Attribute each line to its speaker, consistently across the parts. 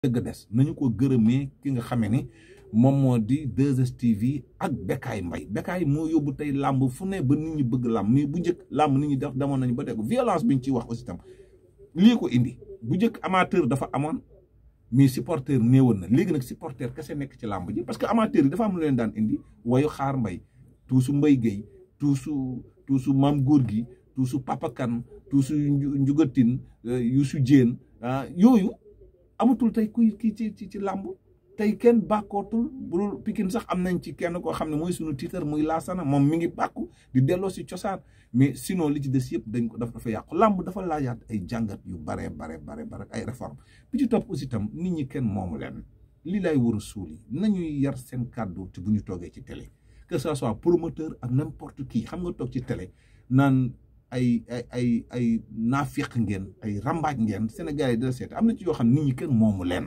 Speaker 1: dëgg des nañu ko gërëmee ki nga xamee ni moom moo di 2STV ak Bécaye Mbaye Bécaye moo yóbbu tey làmb fu ne ba nit ñi bëgg làmb mais bu njëkk làmb nit ñi def demoon nañu ba tegu violence bi ñu ciy wax aussi tam lii ko indi bu njëkk amateur dafa amoon mais supporter néewoon na léegi nag supporter kese nekk ci làmb ji parce que amateur yi dafa am lu leen daan indi wayu xaar mbay tuusu mbay géey tuusu tuusu maam góor gi tuusu papakan tuusu njugatin euh, yusu jéen ah, yooyu amatul tey kuy kii ci ci ci làmb tey kenn bàkkootul bulul Pikine sax am nañ ci kenn koo xam ne mooy sunu titre muy sana moom mi ngi bàkku di delloo si cosaan mais sinon li ci des yëpp dañ ko dafa dafa yàqu làmb dafa laajaat ay jàngat yu bare bare bare bare ay réforme bi ci topp aussi tam nit ñi kenn moomu leen lii lay war suuli suul yi nañuy yar seen kàddu ci bu ñu toogee ci télé que ça soit promoteur ak n'importe qui xam nga toog ci télé naan ay ay ay ay naafiq ngeen ay rambaaj ngeen Sénégal yi dina seet am na ci yoo xam nit ñi kenn moomu leen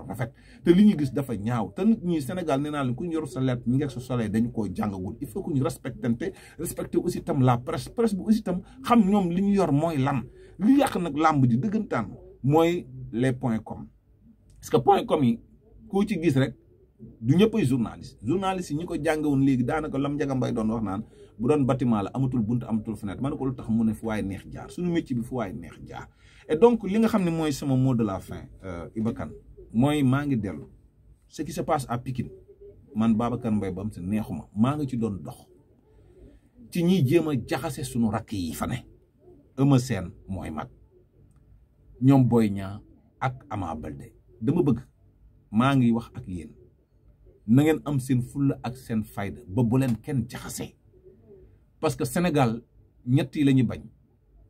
Speaker 1: a rafet te liñu gis dafa ñaaw te nit ñi Sénégal nee lu ku ñoro yor sa lettre ñu sa soleil dañ ko jàngagul il faut ku ñu respectante respecté aussi tam la presse presse bu aussi tam xam ñom liñu yor moy lam li yak nak lamb di dëggantaan moy les points com parce que point com yi koo ci gis rek du ñëpp ay journaliste journaliste yi ñi ko jàngawoon léegi daanaka lam njagam bay doon wax naan bu doon bâtiment la amatul bunt amatul fenêtre man ko lu tax mu ne fu way neex jaar suñu métier bi fu way neex jaar et donc li nga xamni moy sama mot de la fin euh, Iba ibakan mooy maa ngi dellu ce qui se passe à Pikine man Babacar Mbaye ba mu si neexuma maa ngi ci doon dox ci ñiy jéem a jaxase sunu rakk yi fa ne Eumeu Sène mooy mag ñoom Boy ñaa ak Ama Baldé dama bëgg maa ngi wax ak yéen na ngeen am seen fulla ak seen fayda ba bu leen kenn jaxase parce que Sénégal ñett yi la ñu bañ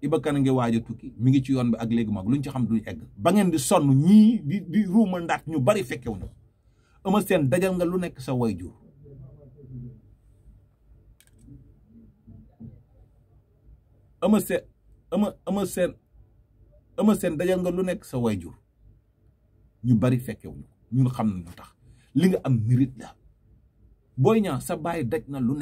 Speaker 1: Iba kan nga waaja tukki mi ngi ci yoon bi ak léegi mag luñ ci xam duñ egg ba ngeen di son ñi di di ruuma ndat ñu bari fekkewuñu ëma seen dajal nga lu nekk sa wayju ëma se ëma ëma seen ëma seen dajal nga lu nekk sa wayju ñu bari fekkewuñu ñu xam li nga am mérite la boy ñaan sa baye daj na lu